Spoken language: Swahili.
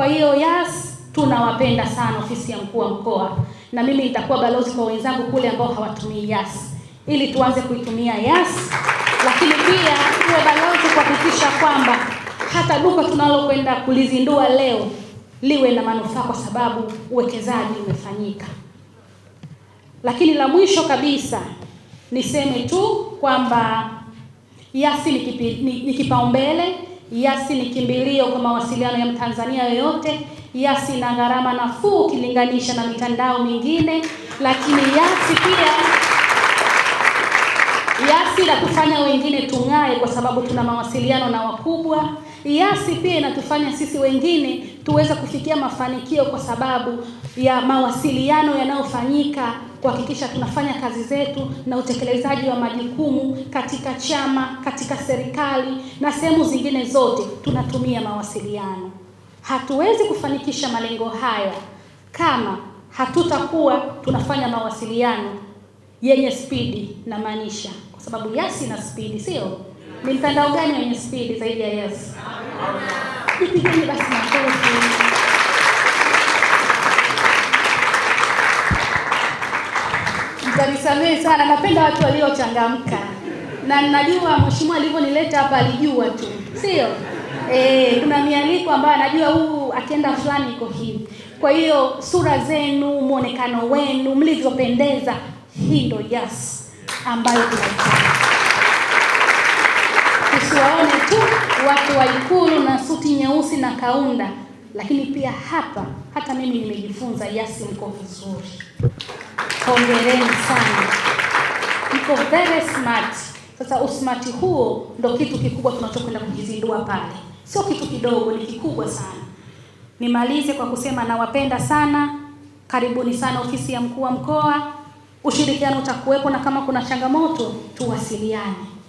Kwa hiyo YAS tunawapenda sana ofisi ya mkuu wa mkoa, na mimi nitakuwa balozi kwa wenzangu kule ambao hawatumii YAS ili tuanze kuitumia YAS, lakini pia tuwe balozi kuhakikisha kwamba hata duka tunalokwenda kulizindua leo liwe na manufaa, kwa sababu uwekezaji umefanyika. Lakini la mwisho kabisa niseme tu kwamba yasi ni, ni kipaumbele Yasi ni kimbilio kwa mawasiliano ya Mtanzania yoyote. Yasi ina gharama nafuu ukilinganisha na mitandao mingine, lakini Yasi pia Yasi inatufanya wengine tung'ae kwa sababu tuna mawasiliano na wakubwa. Yasi pia inatufanya sisi wengine tuweze kufikia mafanikio kwa sababu ya mawasiliano yanayofanyika kuhakikisha tunafanya kazi zetu na utekelezaji wa majukumu katika chama, katika serikali na sehemu zingine zote tunatumia mawasiliano. Hatuwezi kufanikisha malengo haya kama hatutakuwa tunafanya mawasiliano yenye spidi, na maanisha kwa sababu yasi na spidi, sio ni mtandao gani wenye spidi zaidi ya yasi? Ipigeni basi makofi. Mtanisamehe sana, napenda watu waliochangamka, na najua mheshimiwa alivyonileta hapa alijua tu, sio eh? kuna mialiko ambayo anajua huu akienda fulani iko hivi. Kwa hiyo sura zenu, mwonekano wenu, mlivyopendeza, hii ndo yes ambayo tunahitaji tusiwaone tu watu wa Ikulu na suti nyeusi na kaunda, lakini pia hapa hata mimi nimejifunza, yasi, mko vizuri. Hongereni sana, iko very smart. Sasa usmati huo ndo kitu kikubwa tunachokwenda kujizindua pale, sio kitu kidogo, ni kikubwa sana. Nimalize kwa kusema nawapenda sana, karibuni sana ofisi ya mkuu wa mkoa. Ushirikiano utakuwepo, na kama kuna changamoto tuwasiliane.